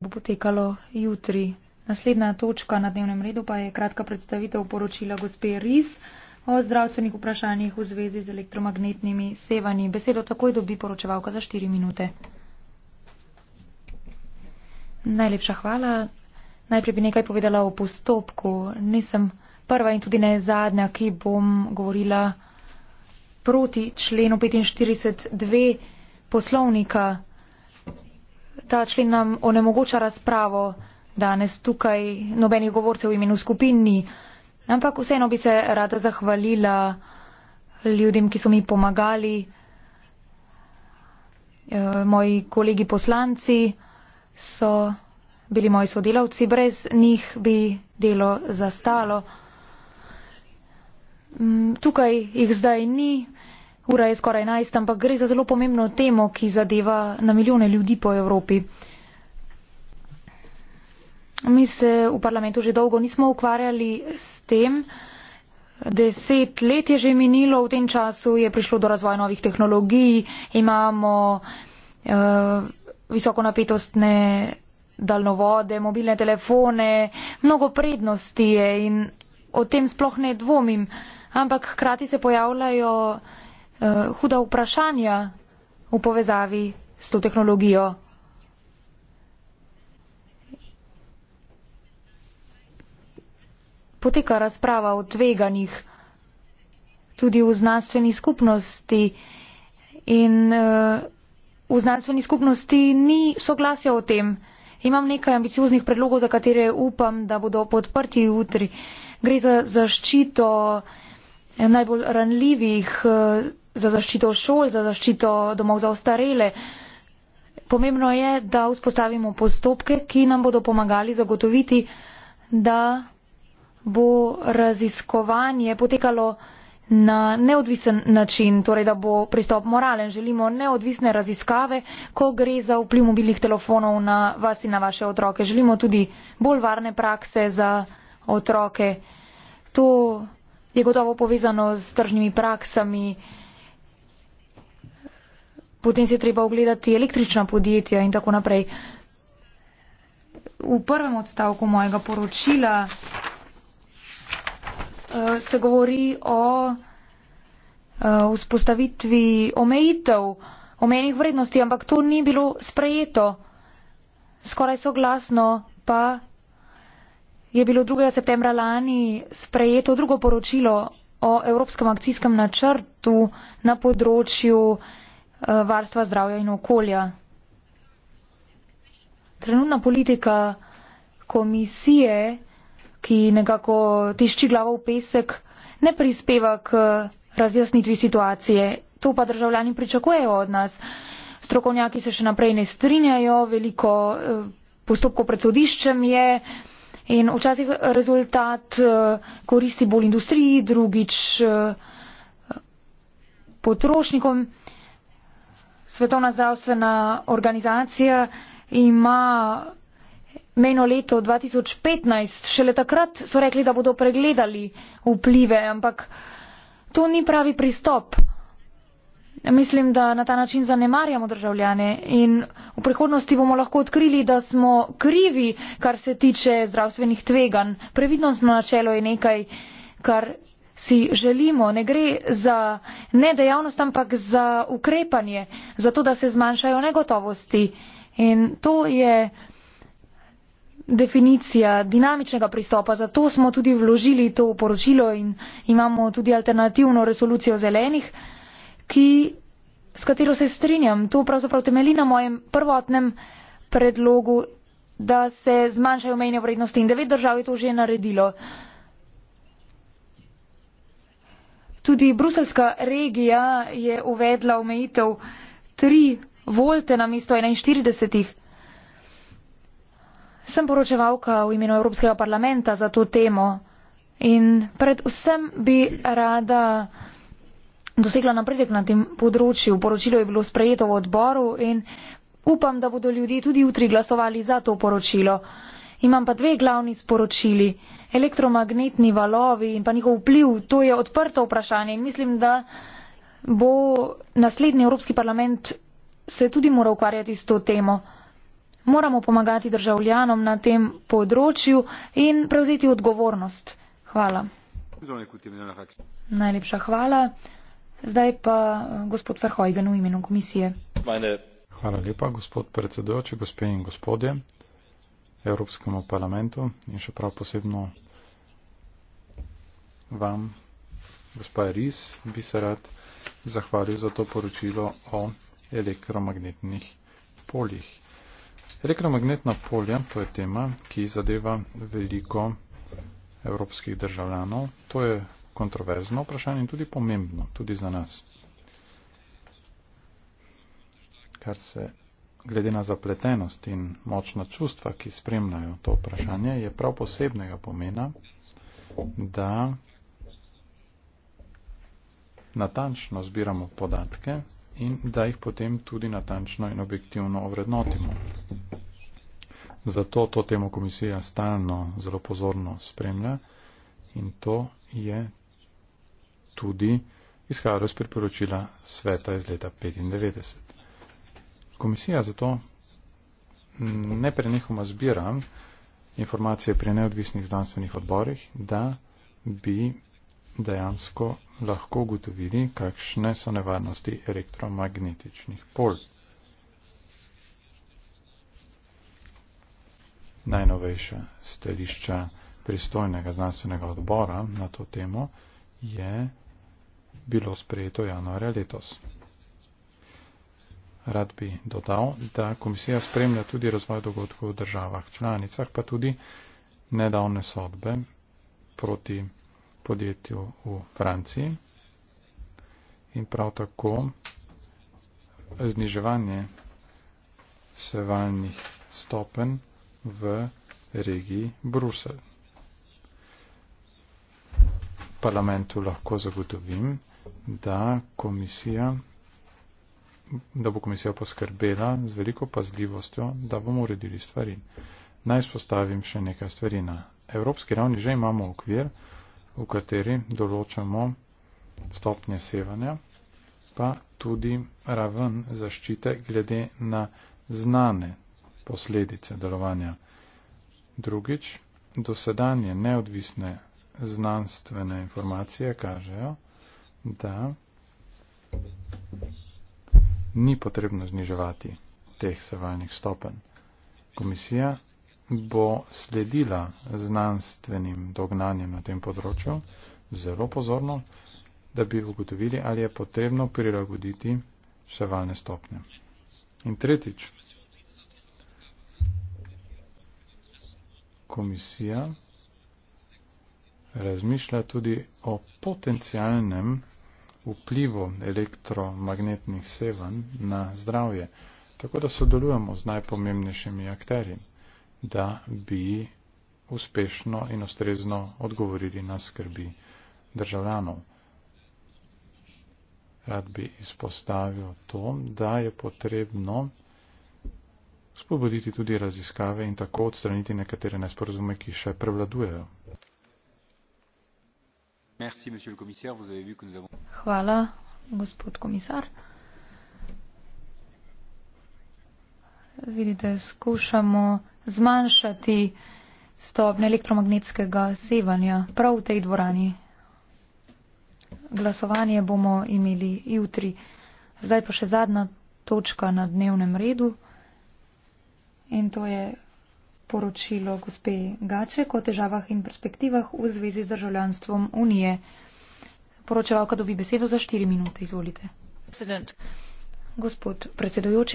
bo potekalo jutri. Naslednja točka na dnevnem redu pa je kratka predstavitev poročila gospe Riz o zdravstvenih vprašanjih v zvezi z elektromagnetnimi sevanji. Besedo takoj dobi poročevalka za 4 minute. Najlepša hvala. Najprej bi nekaj povedala o postopku. Nisem prva in tudi ne zadnja, ki bom govorila proti členu 45.2 poslovnika ta člen nam onemogoča razpravo danes tukaj, nobenih govorcev v imenu skupini, ampak vseeno bi se rada zahvalila ljudem, ki so mi pomagali, eh, moji kolegi poslanci so bili moji sodelavci, brez njih bi delo zastalo. Mm, tukaj jih zdaj ni. Ura je skoraj enajst, ampak gre za zelo pomembno temo, ki zadeva na milijone ljudi po Evropi. Mi se v parlamentu že dolgo nismo ukvarjali s tem. Deset let je že minilo, v tem času je prišlo do razvoja novih tehnologij, imamo uh, visokonapetostne daljnovode, mobilne telefone, mnogo prednosti je in o tem sploh ne dvomim. Ampak hkrati se pojavljajo uh, huda vprašanja v povezavi s to tehnologijo. Poteka razprava o tveganjih tudi v znanstveni skupnosti in uh, v znanstveni skupnosti ni soglasja o tem. Imam nekaj ambicioznih predlogov, za katere upam, da bodo podprti jutri. Gre za zaščito eh, najbolj ranljivih. Uh, za zaščito šol, za zaščito domov za ostarele. Pomembno je, da vzpostavimo postopke, ki nam bodo pomagali zagotoviti, da bo raziskovanje potekalo na neodvisen način, torej da bo pristop moralen. Želimo neodvisne raziskave, ko gre za vpliv mobilnih telefonov na vas in na vaše otroke. Želimo tudi bolj varne prakse za otroke. To je gotovo povezano s tržnimi praksami potem si je treba ogledati električna podjetja in tako naprej. V prvem odstavku mojega poročila uh, se govori o uh, vzpostavitvi omejitev, omejenih vrednosti, ampak to ni bilo sprejeto. Skoraj soglasno pa je bilo 2. septembra lani sprejeto drugo poročilo o Evropskem akcijskem načrtu na področju Eh, varstva zdravja in okolja. Trenutna politika komisije, ki nekako tišči glavo v pesek, ne prispeva k razjasnitvi situacije. To pa državljani pričakujejo od nas. Strokovnjaki se še naprej ne strinjajo, veliko eh, postopkov pred sodiščem je in včasih rezultat eh, koristi bolj industriji, drugič potrošnikom. Svetovna zdravstvena organizacija ima mejno leto 2015, šele takrat so rekli, da bodo pregledali vplive, ampak to ni pravi pristop. Mislim, da na ta način zanemarjamo državljane in v prihodnosti bomo lahko odkrili, da smo krivi, kar se tiče zdravstvenih tveganj. Previdnostno načelo je nekaj, kar si želimo, ne gre za nedejavnost, ampak za ukrepanje, za to, da se zmanjšajo negotovosti. In to je definicija dinamičnega pristopa. Zato smo tudi vložili to poročilo in imamo tudi alternativno resolucijo zelenih, ki, s katero se strinjam. To pravzaprav temeli na mojem prvotnem predlogu, da se zmanjšajo mejne vrednosti in devet držav je to že naredilo. Tudi bruselska regija je uvedla omejitev 3 volte na mesto 41. Sem poročevalka v imenu Evropskega parlamenta za to temo in predvsem bi rada dosegla napredek na tem področju. Poročilo je bilo sprejeto v odboru in upam, da bodo ljudje tudi jutri glasovali za to poročilo imam pa dve glavni sporočili. Elektromagnetni valovi in pa njihov vpliv, to je odprto vprašanje in mislim, da bo naslednji Evropski parlament se tudi moral ukvarjati s to temo. Moramo pomagati državljanom na tem področju in prevzeti odgovornost. Hvala. Najlepša hvala. Zdaj pa eh, gospod Verhojgen v imenu komisije. Hvala lepa, gospod predsedujoči, gospe in gospodje. Evropskemu parlamentu in še prav posebno vam, gospa Riz, bi se rad zahvalil za to poročilo o elektromagnetnih poljih. Elektromagnetna polja, to je tema, ki zadeva veliko evropskih državljanov. To je kontroverzno vprašanje in tudi pomembno, tudi za nas. Kar se glede na zapletenost in močna čustva, ki spremljajo to vprašanje, je prav posebnega pomena, da natančno zbiramo podatke in da jih potem tudi natančno in objektivno ovrednotimo. Zato to temo komisija stalno zelo pozorno spremlja in to je tudi izhajalo iz priporočila sveta iz leta 1995. Komisija zato ne prenehoma zbira informacije pri neodvisnih znanstvenih odborih, da bi dejansko lahko ugotovili, kakšne so nevarnosti elektromagnetičnih pol. Najnovejša stališča pristojnega znanstvenega odbora na to temo je bilo sprejeto januarja letos. Rad bi dodal, da komisija spremlja tudi razvoj dogodkov v državah članicah, pa tudi nedavne sodbe proti podjetju v Franciji in prav tako zniževanje sevalnih stopen v regiji Brusel. Parlamentu lahko zagotovim, da komisija da bo komisija poskrbela z veliko pazljivostjo, da bomo uredili stvari. Naj spostavim še nekaj stvari. Na evropski ravni že imamo okvir, v kateri določamo stopnje sevanja, pa tudi raven zaščite glede na znane posledice delovanja. Drugič, dosedanje neodvisne znanstvene informacije kažejo, da ni potrebno zniževati teh sevalnih stopen. Komisija bo sledila znanstvenim dognanjem na tem področju zelo pozorno, da bi ugotovili, ali je potrebno prilagoditi sevalne stopnje. In tretjič, komisija razmišlja tudi o potencialnem vplivu elektromagnetnih sevanj na zdravje. Tako da sodelujemo z najpomembnejšimi akterji, da bi uspešno in ustrezno odgovorili na skrbi državljanov. Rad bi izpostavil to, da je potrebno spobuditi tudi raziskave in tako odstraniti nekatere nesporazume, ki še prevladujejo. Hvala, gospod komisar. Vidite, skušamo zmanjšati stopne elektromagnetskega sevanja prav v tej dvorani. Glasovanje bomo imeli jutri. Zdaj pa še zadnja točka na dnevnem redu in to je poročilo gospe Gaček o težavah in perspektivah v zvezi z državljanstvom Unije. Poročevalka dobi besedo za štiri minute. Izvolite. Gospod predsedujoči.